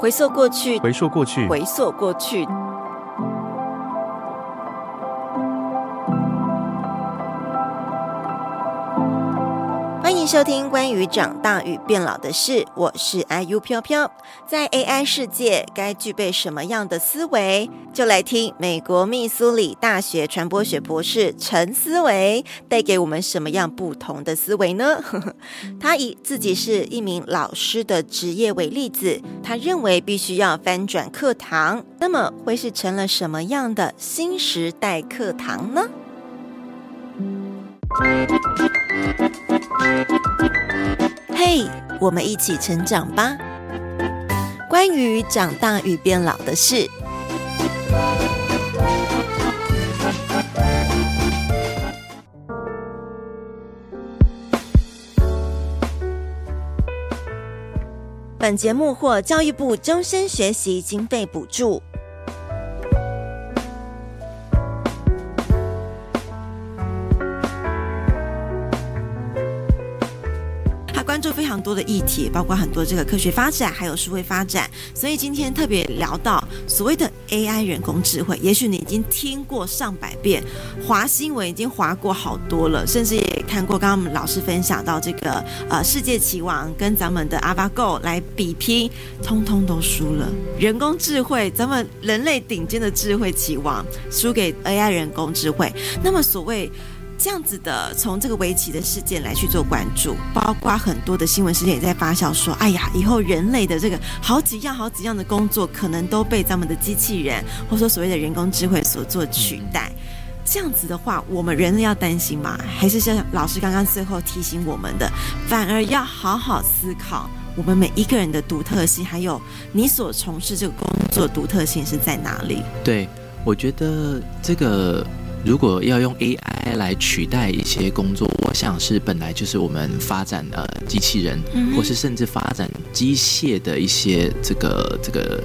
回溯過去，回溯過去，回溯過去。收聽關於長大與變老的事，我是 IU 飄飄。在 AI 世界，該具備什麼樣的思維？就來聽美國密蘇裡大學傳播學博士陳思維帶給我們什麼樣不同的思維呢？ 他以自己是一名老師的職業為例子，他認為必須要翻轉課堂。那麼，會是成了什麼樣的新時代課堂呢？嘿，hey，我們一起成長吧！關於長大與變老的事。本節目獲教育部終身學習經費補助。就非常多的議題，包括很多這個科學發展，還有社會發展。所以今天特別聊到所謂的 AI 人工智慧，也許你已經聽過上百遍，滑新聞已經滑過好多了，甚至也看過。剛剛我們老師分享到這個呃世界棋王跟咱們的阿巴 Go 來比拼，通通都輸了。人工智慧，咱們人類頂尖的智慧棋王輸給 AI 人工智慧，那麼所謂。這樣子的，從這個圍棋的事件來去做關注，包括很多的新聞事件也在發酵，說：“哎呀，以後人類的這個好幾樣、好幾樣的工作，可能都被咱們的機器人，或者說所謂的人工智慧所做取代。”這樣子的話，我們人類要擔心嗎？還是像老師剛剛最後提醒我們的，反而要好好思考我們每一個人的獨特性，還有你所從事這個工作的獨特性是在哪裡？對，我覺得這個。如果要用 AI 來取代一些工作，我想是本來就是我們發展呃機器人，嗯、哼或是甚至發展機械的一些這個這個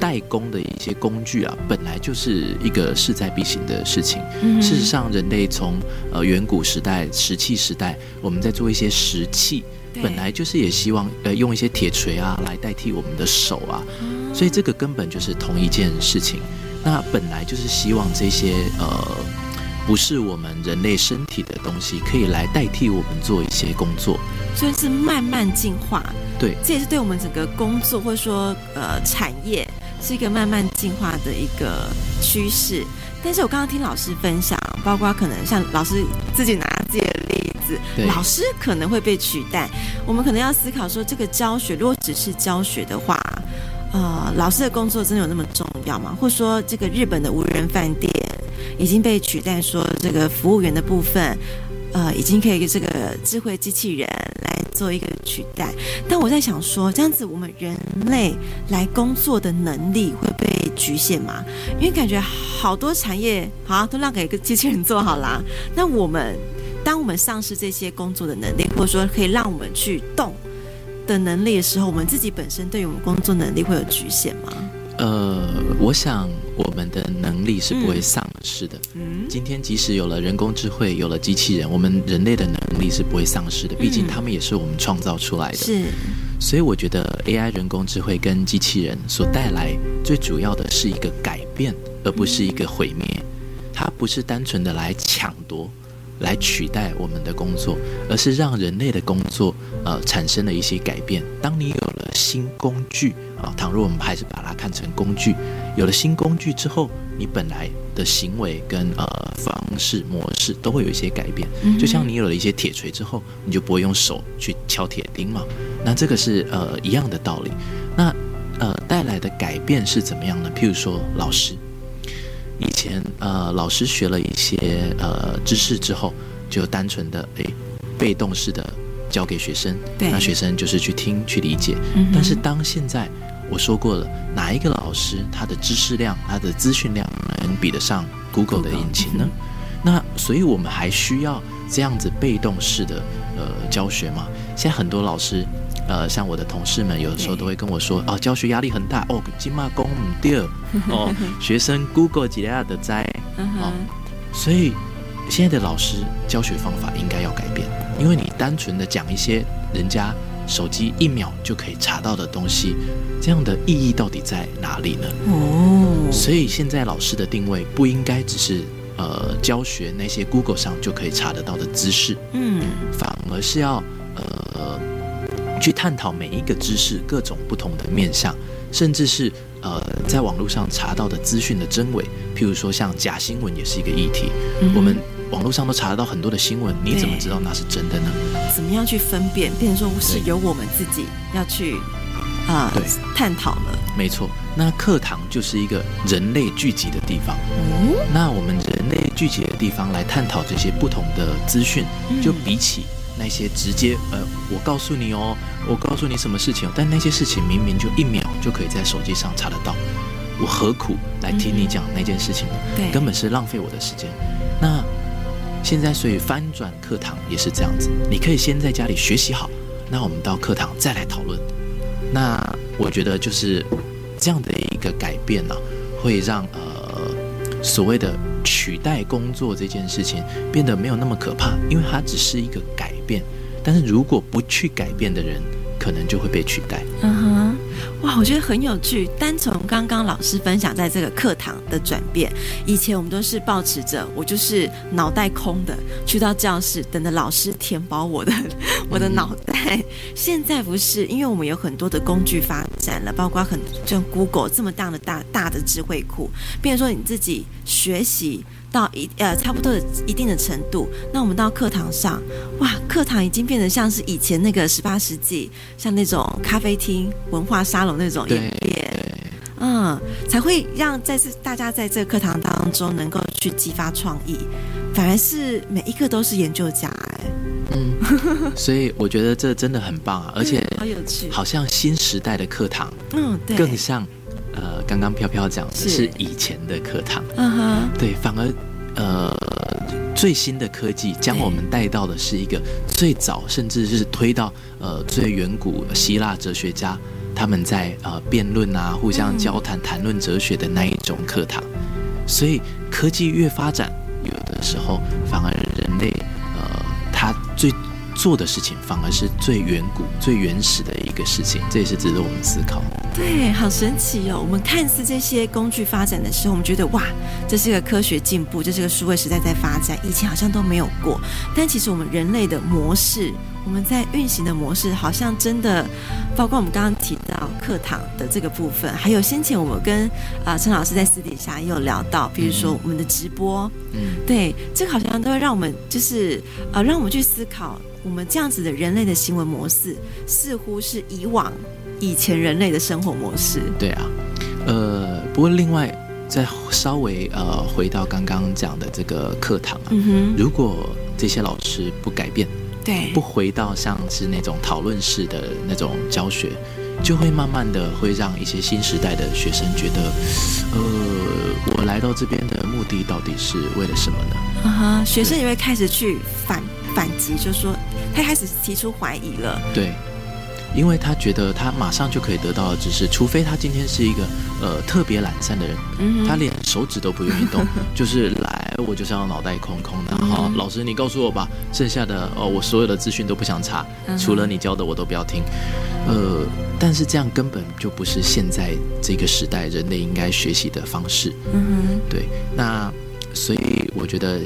代工的一些工具啊，本來就是一個勢在必行的事情。嗯、哼事實上，人類從呃遠古時代石器時代，我們在做一些石器，對本來就是也希望呃用一些鐵錘啊來代替我們的手啊，嗯、所以這個根本就是同一件事情。那本來就是希望這些呃，不是我們人類身體的東西，可以來代替我們做一些工作，所以是慢慢進化。對，這也是對我們整個工作或者說呃產業是一個慢慢進化的一個趨勢。但是我剛剛聽老師分享，包括可能像老師自己拿自己的例子，對老師可能會被取代。我們可能要思考說，這個教學如果只是教學的話，呃，老師的工作真的有那麼重？要嗎？或者說，這個日本的無人飯店已經被取代，說這個服務員的部分，呃，已經可以給這個智慧機器人來做一個取代。但我在想說，這樣子我們人類來工作的能力會被局限嗎？因為感覺好多產業好像、啊、都讓給一個機器人做好啦。那我們當我們喪失這些工作的能力，或者說可以讓我們去動的能力的時候，我們自己本身對於我們工作能力會有局限嗎？呃，我想我們的能力是不會喪失的。嗯，嗯，今天即使有了人工智慧，有了機器人，我們人類的能力是不會喪失的。畢竟他們也是我們創造出來的。嗯、是，所以我覺得 AI 人工智慧跟機器人所帶來最主要的是一個改變，而不是一個毀滅。它不是單純的來搶奪、來取代我們的工作，而是讓人類的工作呃產生了一些改變。當你有新工具啊，倘若我們還是把它看成工具，有了新工具之後，你本來的行為跟呃方式模式都會有一些改變。就像你有了一些鐵錘之後，你就不會用手去敲鐵釘嘛。那這個是呃一樣的道理。那呃帶來的改變是怎麼樣呢？譬如說，老師以前呃老師學了一些呃知識之後，就單純的誒、欸、被動式的。教給學生，那學生就是去聽對去理解。嗯、哼但是當現在我說過了，哪一個老師他的知識量、他的資訊量能比得上 Google 的引擎呢？Google, 嗯、那所以我們還需要這樣子被動式的呃教學嗎？現在很多老師，呃，像我的同事們，有的時候都會跟我說：“哦對、啊，教學壓力很大哦，今嘛工唔掉哦，學生 Google 幾大的在哦，所以。現在的老師教學方法應該要改變，因為你單純的講一些人家手機一秒就可以查到的東西，這樣的意義到底在哪裡呢？哦，所以現在老師的定位不應該只是呃教學那些 Google 上就可以查得到的知識，嗯，反而是要呃去探討每一個知識各種不同的面向，甚至是呃在網絡上查到的資訊的真偽，譬如說像假新聞也是一個議題，嗯，我們。網絡上都查得到很多的新聞，你怎麼知道那是真的呢？怎麼樣去分辨？變成說是由我們自己要去對啊對探討呢。沒錯，那課堂就是一個人類聚集的地方。嗯。那我們人類聚集的地方來探討這些不同的資訊，對就比起那些直接呃，我告訴你哦，我告訴你什麼事情哦，但那些事情明明就一秒就可以在手機上查得到，我何苦來聽你講那件事情呢？嗯，對，根本是浪費我的時間。那。現在所以翻轉課堂也是這樣子，你可以先在家裡學習好，那我們到課堂再來討論。那我覺得就是這樣的一個改變呢，啊，會讓呃所謂的取代工作這件事情變得沒有那麼可怕，因為它只是一個改變。但是如果不去改變的人，可能就會被取代。哇，我覺得很有趣。單從剛剛老師分享在這個課堂的轉變，以前我們都是抱持著我就是腦袋空的，去到教室等着老師填飽我的我的腦袋。現在不是，因為我們有很多的工具發展了，包括很像 Google 這麼大的大大的智慧庫，變成說你自己學習。到一呃差不多一定的程度，那我們到課堂上，哇，課堂已經變得像是以前那個十八世紀，像那種咖啡廳、文化沙龍那種演變，變對嗯，才會讓在這大家在這個課堂當中能夠去激發創意，反而是每一個都是研究家、欸，哎，嗯， 所以我覺得這真的很棒啊，而且好有趣，好像新時代的課堂，嗯，對，更像。剛剛飄飄講的是以前的課堂，嗯哼，uh huh. 對，反而呃最新的科技將我們帶到的是一個最早甚至是推到呃最遠古希臘哲學家他們在呃辯論啊互相交談談論哲學的那一種課堂，所以科技越發展，有的時候反而。做的事情反而是最遠古、最原始的一個事情，這也是值得我們思考的。對，好神奇哦！我們看似這些工具發展的時候，我們覺得哇，這是一個科學進步，這是一個數位時代在發展，以前好像都沒有過。但其實我們人類的模式。我們在運行的模式好像真的，包括我們剛剛提到課堂的這個部分，還有先前我們跟啊陳老師在私底下也有聊到，比如說我們的直播，嗯，對，這個好像都會讓我們就是呃，讓我們去思考，我們這樣子的人類的行為模式，似乎是以往以前人類的生活模式。對啊，呃，不過另外再稍微呃回到剛剛講的這個課堂啊，嗯哼，如果這些老師不改變。對，不回到像是那種討論式的那種教學，就會慢慢的會讓一些新時代的學生覺得，呃，我來到這邊的目的到底是為了什麼呢？啊哈、uh，huh, 對學生也會開始去反反擊，就是、說他開始提出懷疑了。對，因為他覺得他馬上就可以得到的知識，除非他今天是一個呃特別懶散的人，mm hmm. 他連手指都不願意動， 就是。我就是要腦袋空空的好，嗯哼，老師你告訴我吧，剩下的哦，我所有的資訊都不想查，嗯、哼除了你教的我都不要聽，呃，但是這樣根本就不是現在這個時代人類應該學習的方式，嗯哼對，那所以我覺得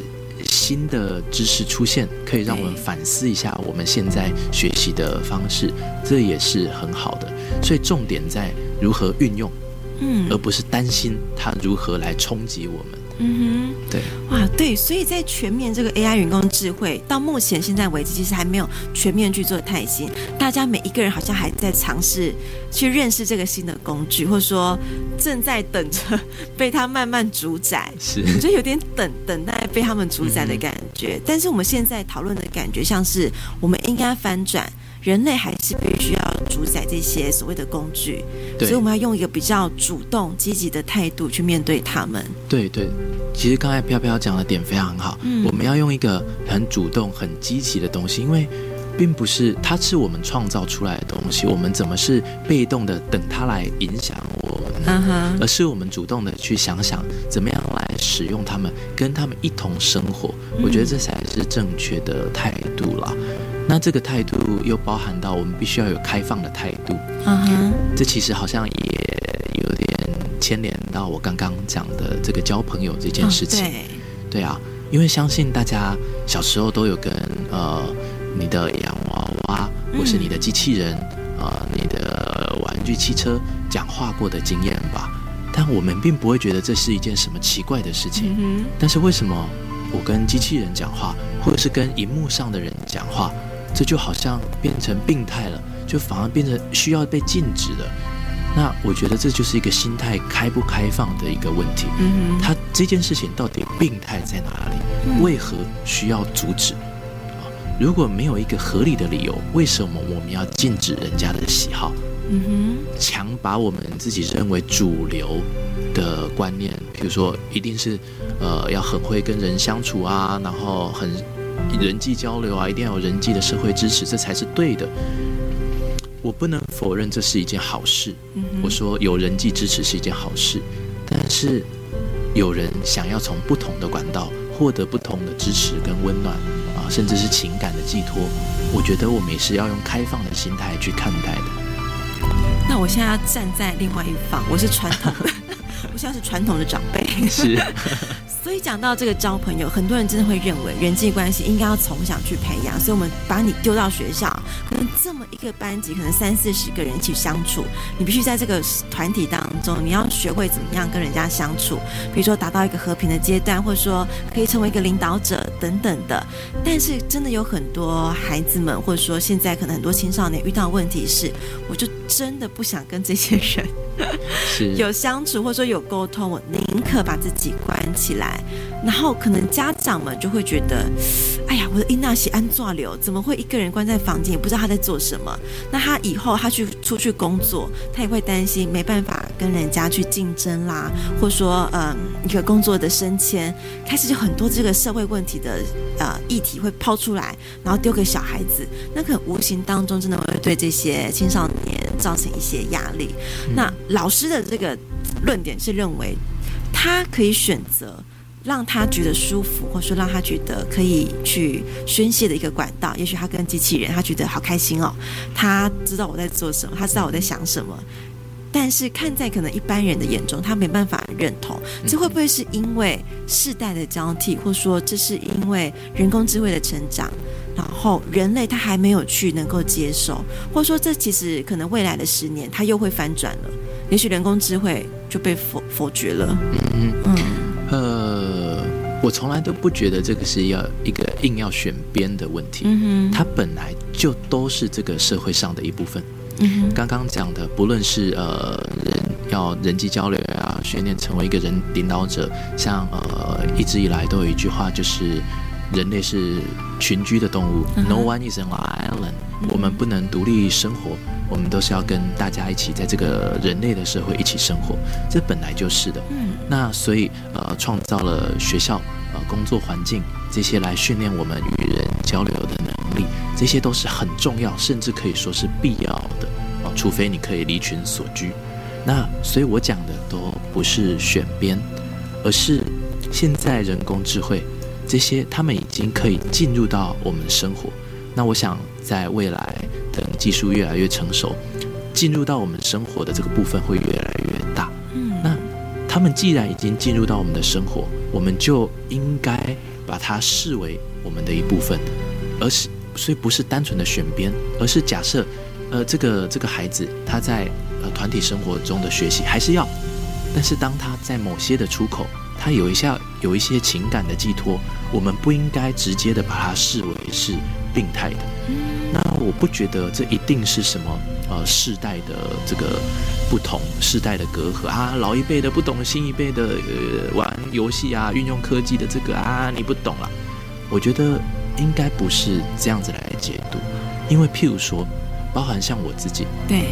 新的知識出現，可以讓我們反思一下我們現在學習的方式，這也是很好的，所以重點在如何運用，嗯，而不是擔心它如何來衝擊我們。嗯哼，對，哇，對，所以在全面這個 AI 人工智慧到目前現在為止，其實還沒有全面去做太新。大家每一個人好像還在嘗試去認識這個新的工具，或者說正在等着被它慢慢主宰，是，我覺得 有點等等待被他們主宰的感覺。嗯、哼但是我們現在討論的感覺像是我們應該翻轉。人類還是必須要主宰這些所謂的工具，對所以我們要用一個比較主動、積極的態度去面對他們。對對，其實剛才飄飄講的點非常好，嗯、我們要用一個很主動、很積極的東西，因為並不是它是我們創造出來的東西，我們怎麼是被動的等它來影響我們呢？啊、哈而是我們主動的去想想怎麼樣來使用他們，跟他們一同生活。嗯、我覺得這才是正確的態度啦。那這個態度又包含到我們必須要有開放的態度，啊，這其實好像也有點牽連到我剛剛講的這個交朋友這件事情，對，啊，因為相信大家小時候都有跟呃你的洋娃娃或是你的機器人啊、呃、你的玩具汽車講話過的經驗吧，但我們並不會覺得這是一件什麼奇怪的事情，嗯，但是為什麼我跟機器人講話或者是跟熒幕上的人講話，這就好像變成病態了，就反而變成需要被禁止的。那我覺得這就是一個心態開不開放的一個問題。嗯哼，他這件事情到底病態在哪裡？嗯，為何需要阻止？如果沒有一個合理的理由，為什麼我們要禁止人家的喜好？嗯哼，強把我們自己認為主流的觀念，比如說一定是，呃，要很會跟人相處啊，然後很。人際交流啊，一定要有人際的社會支持，這才是對的。我不能否認這是一件好事。嗯、哼我說有人際支持是一件好事，但是有人想要從不同的管道獲得不同的支持跟溫暖啊，甚至是情感的寄托，我覺得我們也是要用開放的心態去看待的。那我現在要站在另外一方，我是傳統的，不像 是傳統的長輩。是。 所以講到這個交朋友，很多人真的會認為人際關係應該要從小去培養。所以我們把你丟到學校，可能這麼一個班級，可能三四十個人一起相處，你必須在這個團體當中，你要學會怎麼樣跟人家相處。比如說達到一個和平的階段，或者說可以成為一個領導者等等的。但是真的有很多孩子們，或者說現在可能很多青少年遇到問題是，我就真的不想跟這些人是 有相處，或者說有溝通，我寧可把自己關起來。然後可能家長們就會覺得，哎呀，我的伊納西安左流怎麼會一個人關在房間，也不知道他在做什麼？那他以後他去出去工作，他也會擔心沒辦法跟人家去競爭啦，或者說，嗯，一個工作的升遷，開始就很多這個社會問題的呃議題會拋出來，然後丟給小孩子，那可、個、能無形當中真的會對這些青少年造成一些壓力。嗯、那老師的這個論點是認為，他可以選擇。讓他覺得舒服，或者說讓他覺得可以去宣泄的一個管道。也許他跟機器人，他覺得好開心哦，他知道我在做什麼，他知道我在想什麼。但是看在可能一般人的眼中，他沒辦法認同。這會不會是因為世代的交替，或說這是因為人工智慧的成長，然後人類他還沒有去能夠接受，或者說這其實可能未來的十年他又會反轉了。也許人工智慧就被否否決了。嗯嗯。呃，我從來都不覺得這個是要一個硬要選邊的問題，mm hmm. 它本來就都是這個社會上的一部分。剛剛講的，不論是呃，人要人際交流啊，訓練成為一個人領導者，像呃，一直以來都有一句話，就是人類是群居的動物，mm hmm.，No one is an island，mm hmm. 我們不能獨立生活。我們都是要跟大家一起在這個人類的社會一起生活，這本來就是的。嗯，那所以呃，創造了學校、呃，工作環境這些來訓練我們與人交流的能力，這些都是很重要，甚至可以說是必要的。哦、呃，除非你可以離群索居。那所以我講的都不是選邊，而是現在人工智慧這些，他們已經可以進入到我們的生活。那我想，在未來等技術越來越成熟，進入到我們生活的這個部分會越來越大。嗯，那他們既然已經進入到我們的生活，我們就應該把它視為我們的一部分，而是，所以不是單純的選邊，而是假設，呃，這個這個孩子他在呃團體生活中的學習還是要，但是當他在某些的出口，他有一下有一些情感的寄托，我們不應該直接的把它視為是。病態的，那我不覺得這一定是什麼呃世代的這個不同世代的隔閡啊，老一輩的不懂新一輩的呃玩遊戲啊，運用科技的這個啊，你不懂了，我覺得應該不是這樣子來解讀，因為譬如說，包含像我自己，對，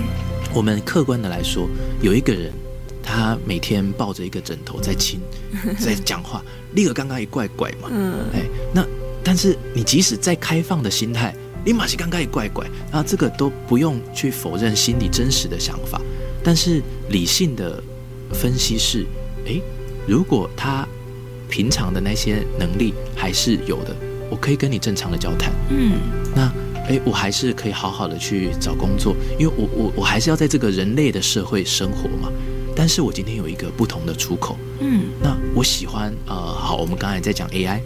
我們客觀的來說，有一個人他每天抱着一個枕頭在親、嗯、在講話，那個剛剛也怪怪嘛，嗯、哎那。但是你即使再開放的心態，你馬上就尷尬也怪怪，那這個都不用去否認心裡真實的想法。但是理性的分析是，誒，如果他平常的那些能力還是有的，我可以跟你正常的交談，嗯，那誒，我還是可以好好的去找工作，因為我我我還是要在這個人類的社會生活嘛。但是我今天有一個不同的出口，嗯，那我喜歡呃，好，我們剛才在講 AI。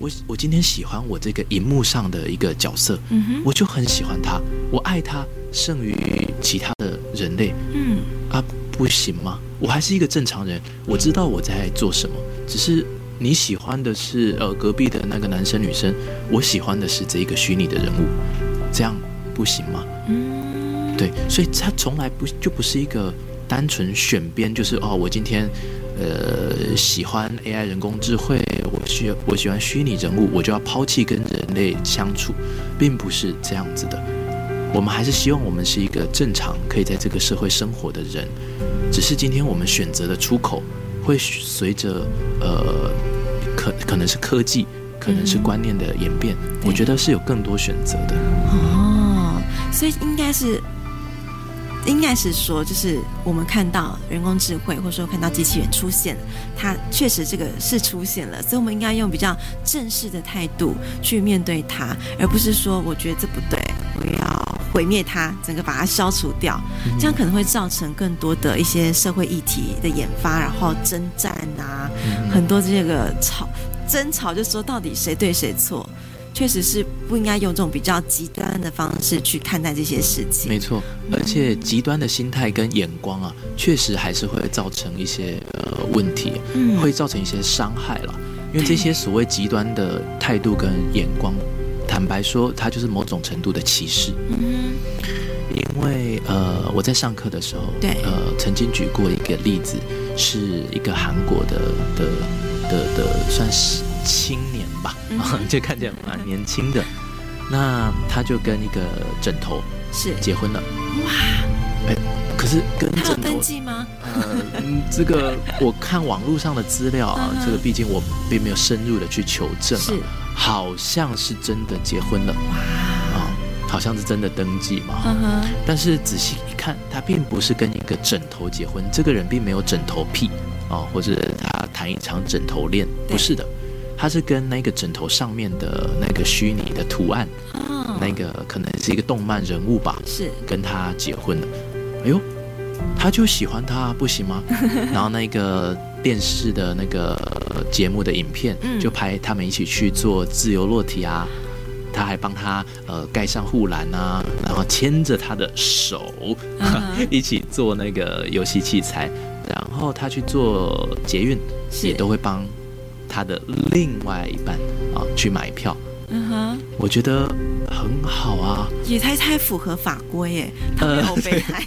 我我今天喜歡我這個熒幕上的一個角色，嗯、哼我就很喜歡他，我愛他勝於其他的人類，嗯，啊，不行嗎？我還是一個正常人，我知道我在做什麼，只是你喜歡的是呃隔壁的那個男生女生，我喜歡的是這一個虛擬的人物，這樣不行嗎？嗯，對，所以他從來不就不是一個單純選邊，就是哦，我今天呃喜歡 AI 人工智慧。我喜歡虛擬人物，我就要拋棄跟人類相處，並不是這樣子的。我們還是希望我們是一個正常可以在這個社會生活的人，只是今天我們選擇的出口會隨着呃，可可能是科技，可能是觀念的演變，嗯，我覺得是有更多選擇的。哦，所以應該是。應該是說，就是我們看到人工智慧或者說看到機器人出現，它確實這個是出現了，所以我們應該用比較正式的態度去面對它，而不是說我覺得這不對，我要毀滅它，整個把它消除掉，這樣可能會造成更多的一些社會議題的研發，然後征戰啊，很多這個吵爭吵，就說到底誰對誰錯。確實是不應該用這種比較極端的方式去看待這些事情。沒錯，而且極端的心態跟眼光啊，確實還是會造成一些呃問題，會造成一些傷害了。因為這些所謂極端的態度跟眼光，對坦白說，它就是某種程度的歧視。嗯，因為呃，我在上課的時候，對，呃，曾經舉過一個例子，是一個韓國的的的的，的，算是青年。吧，uh huh. 就看見蠻年輕的，uh huh. 那他就跟一個枕頭是結婚了，哇、uh！哎、huh. 欸，可是跟枕頭、uh huh. 嗯，這個我看網絡上的資料啊，uh huh. 這個畢竟我並沒有深入的去求證，uh huh. 好像是真的結婚了，哇、uh！Huh. 啊，好像是真的登記嘛。Uh huh. 但是仔細一看，他並不是跟一個枕頭結婚，這個人並沒有枕頭癖啊，或者他談一場枕頭戀，不是的。Uh huh. 他是跟那個枕頭上面的那個虛擬的圖案，那個可能是一個動漫人物吧，是跟他結婚的。哎呦，他就喜歡他不行嗎？然後那個電視的那個節目的影片就拍他們一起去做自由落體啊，他還幫他呃蓋上護欄啊，然後牽着他的手一起做那個遊戲器材，然後他去坐捷運也都會幫。他的另外一半啊，去買票。嗯哼，我覺得很好啊，也太太符合法規耶。他沒有被害。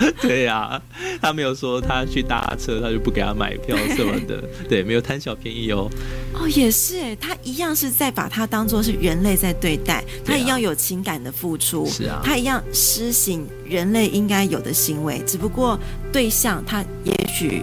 呃、對呀、 啊，他沒有說他去搭車，他就不給他買票什麼的。對、對，沒有貪小便宜哦。哦，也是哎，他一樣是在把他當做是人類在對待，對啊，他一樣有情感的付出。是啊，他一樣施行人類應該有的行為，只不過對象他也許。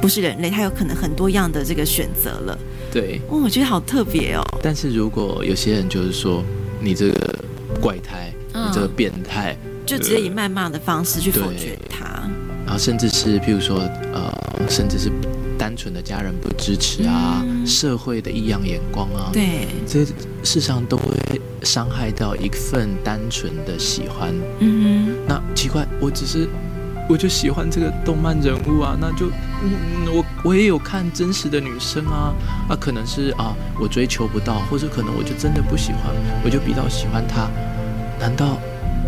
不是人類，他有可能很多樣的這個選擇了。對、哦，我覺得好特別哦。但是如果有些人就是說，你這個怪胎，嗯、你這個變態，就直接以謾罵的方式去否決他，然後甚至是譬如說呃，甚至是單純的家人不支持啊，嗯、社會的異樣眼光啊，對，這事實上都會傷害到一份單純的喜歡。嗯哼，那奇怪，我只是。我就喜歡這個動漫人物啊，那就，嗯、我我也有看真實的女生啊，啊，可能是啊，我追求不到，或者可能我就真的不喜歡，我就比較喜歡她，難道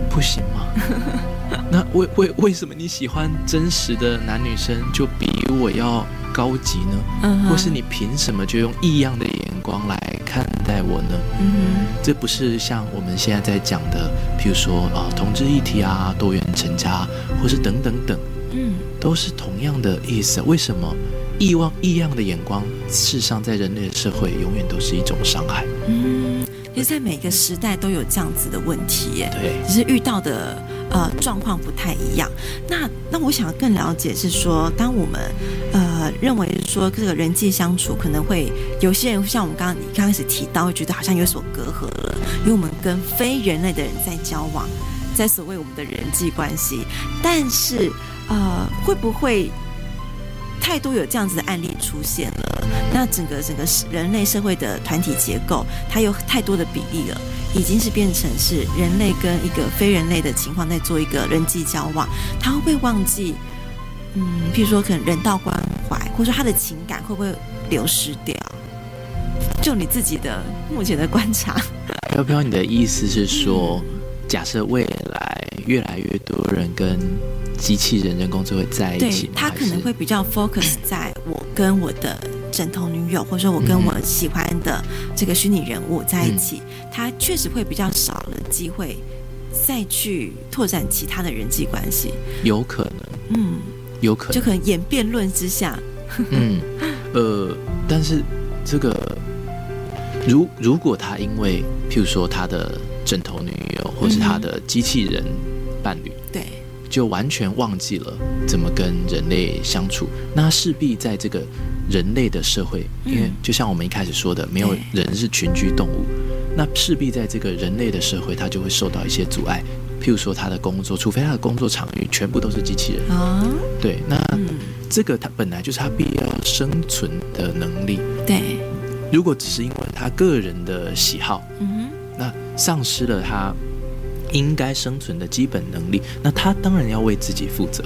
不行嗎？那為為為什麼你喜歡真實的男女生就比我要高級呢？或是你憑什麼就用異樣的眼光來看？我呢？嗯、mm，hmm. 這不是像我們現在在講的，譬如說啊，同志議題啊，多元成家，或是等等等，嗯、mm，hmm. 都是同樣的意思。為什麼異望異樣的眼光，事實上在人類的社會永遠都是一種傷害。嗯、mm，其實，在每個時代都有這樣子的問題，對，只是遇到的。呃，狀況不太一樣。那那我想更了解是說，當我們呃認為說這個人際相處可能會有些人像我們剛剛你剛開始提到，會覺得好像有所隔閡了，因為我們跟非人類的人在交往，在所謂我們的人際關係，但是呃會不會？太多有這樣子的案例出現了，那整個整個人類社會的團體結構，它有太多的比例了，已經是變成是人類跟一個非人類的情況在做一個人際交往，他會不會忘記？嗯，譬如說可能人道關懷，或者說他的情感會不會流失掉？就你自己的目前的觀察，飄飄，你的意思是說，假設未來越來越多人跟。機器人、人工智慧會在一起，對，他可能會比較 focus 在我跟我的枕頭女友， 或者說我跟我喜歡的這個虛擬人物在一起。嗯，他確實會比較少了機會再去拓展其他的人際關係，有可能，嗯，有可能，就可能演辯論之下， 嗯，呃，但是這個，如如果他因為譬如說他的枕頭女友，或是他的機器人伴侶。嗯嗯就完全忘記了怎麼跟人類相處，那勢必在這個人類的社會，嗯、因為就像我們一開始說的，沒有人是群居動物，對那勢必在這個人類的社會，它就會受到一些阻礙。譬如說，他的工作，除非他的工作場域全部都是機器人，啊、哦，對，那這個他本來就是他必要生存的能力。對，如果只是因為他個人的喜好，嗯哼，那喪失了他。應該生存的基本能力，那他當然要為自己負責，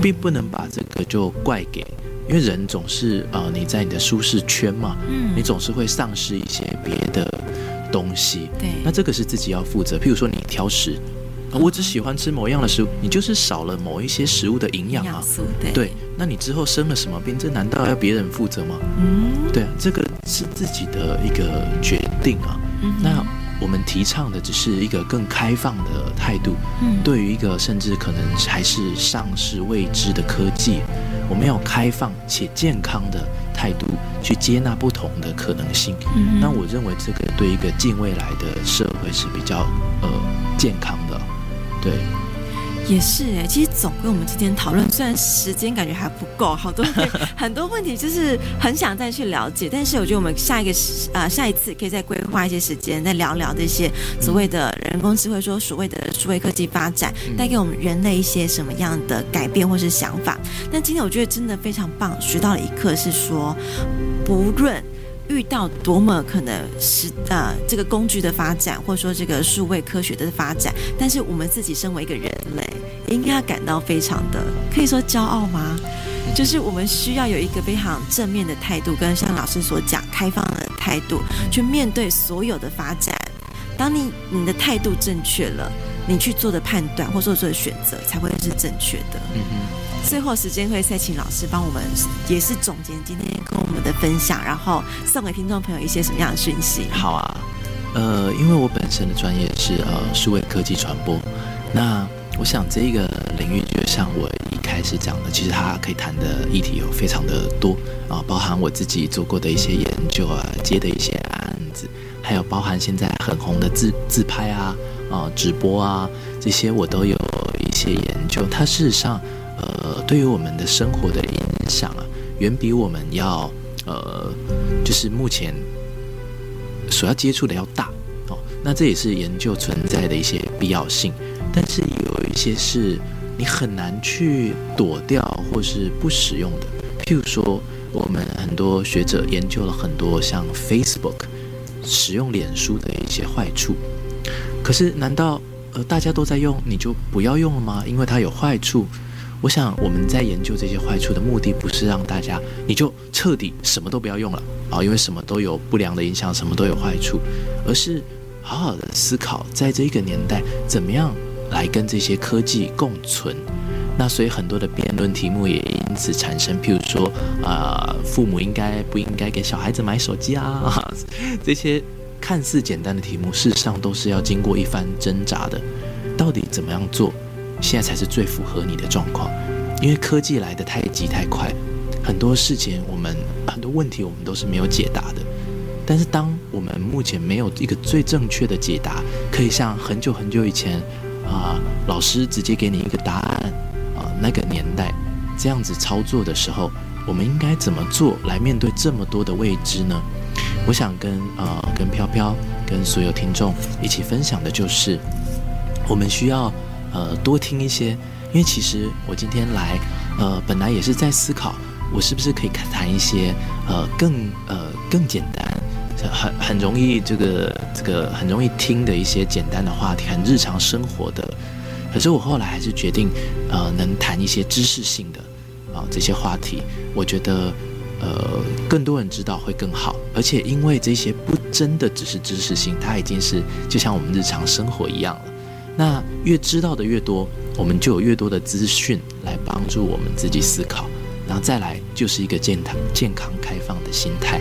並不能把這個就怪給，因為人總是呃你在你的舒適圈嘛，嗯，你總是會喪失一些別的東西，對，那這個是自己要負責。譬如說你挑食，哦，我只喜歡吃某樣的食物，嗯，你就是少了某一些食物的營養啊，對，那你之後生了什麼病，這難道要別人負責嗎？嗯，對啊，這個是自己的一個決定啊，那。嗯我們提倡的只是一個更開放的態度，嗯，對於一個甚至可能還是上市未知的科技，我們要開放且健康的態度去接納不同的可能性。嗯，那我認為這個對一個近未來的社會是比較呃健康的，對。也是哎，其實總歸我們今天討論，雖然時間感覺還不夠，好多人很多問題就是很想再去了解。但是我覺得我們下一個啊、呃、下一次可以再規劃一些時間，再聊聊這些所謂的人工智慧，說所謂的數位科技發展帶給我們人類一些什麼樣的改變或是想法。但今天我覺得真的非常棒，學到了一課是說，不論遇到多麼可能是呃這個工具的發展，或者說這個數位科學的發展，但是我們自己身為一個人。應該要感到非常的可以說驕傲嗎？就是我們需要有一個非常正面的態度，跟像老師所講開放的態度，去面對所有的發展。當你你的態度正確了，你去做的判斷或做做的選擇才會是正確的。嗯嗯，最後時間會再請老師幫我們也是總結今天跟我們的分享，然後送給聽眾朋友一些什麼樣的訊息？好啊，呃，因為我本身的專業是呃數位科技傳播，那。我想這個領域，就像我一開始講的，其實它可以談的議題有非常的多啊，包含我自己做過的一些研究啊，接的一些案子，還有包含現在很紅的自自拍啊、啊，直播啊這些，我都有一些研究。它事實上，呃，對於我們的生活的影響啊，遠比我們要呃，就是目前所要接觸的要大哦。那這也是研究存在的一些必要性，但是，有一些是你很難去躲掉或是不使用的，譬如說，我們很多學者研究了很多像 Facebook 使用臉書的一些壞處。可是，難道呃大家都在用，你就不要用了嗎？因為它有壞處。我想我們在研究這些壞處的目的，不是讓大家你就徹底什麼都不要用了啊，因為什麼都有不良的影響，什麼都有壞處，而是好好的思考，在這一個年代怎麼樣。來跟這些科技共存，那所以很多的辯論題目也因此產生，譬如說，呃，父母應該不應該給小孩子買手機啊？這些看似簡單的題目，事實上都是要經過一番掙扎的。到底怎麼樣做，現在才是最符合你的狀況？因為科技來得太急太快，很多事情我們很多問題我們都是沒有解答的。但是當我們目前沒有一個最正確的解答，可以像很久很久以前。啊，老師直接給你一個答案啊！那個年代這樣子操作的時候，我們應該怎麼做來面對這麼多的未知呢？我想跟啊、呃，跟飄飄，跟所有聽眾一起分享的就是，我們需要呃多聽一些，因為其實我今天來呃本來也是在思考，我是不是可以談一些呃更呃更簡單。很很容易，這個這個很容易聽的一些簡單的話題，很日常生活的。可是我後來還是決定，呃，能談一些知識性的啊這些話題，我覺得呃更多人知道會更好。而且因為這些不真的只是知識性，它已經是就像我們日常生活一樣了。那越知道的越多，我們就有越多的資訊來幫助我們自己思考，然後再來就是一個健康健康開放的心態。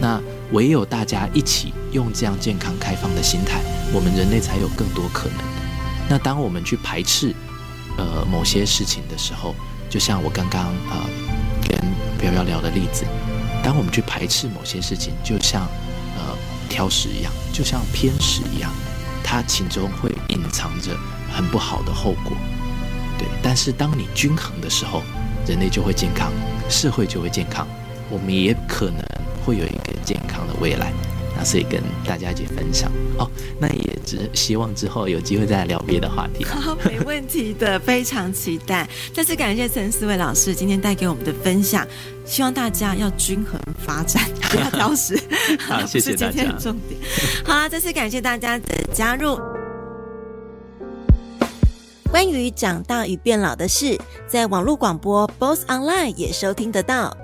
那。唯有大家一起用這樣健康開放的心態，我們人類才有更多可能。那當我們去排斥，呃，某些事情的時候，就像我剛剛呃跟彪彪聊的例子，當我們去排斥某些事情，就像呃挑食一樣，就像偏食一樣，它其中會隱藏着很不好的後果。對，但是當你均衡的時候，人類就會健康，社會就會健康，我們也可能會有一未來，那所以跟大家一起分享哦。那也只希望之後有機會再聊別的話題好。沒問題的， 非常期待。再次感謝陳思維老師今天帶給我們的分享，希望大家要均衡發展，不要挑食。 啊、謝謝大家。今天重點。好了、啊，再次感謝大家的加入。 關於長大與變老的事，在網絡廣播 BOSS Online 也收聽得到。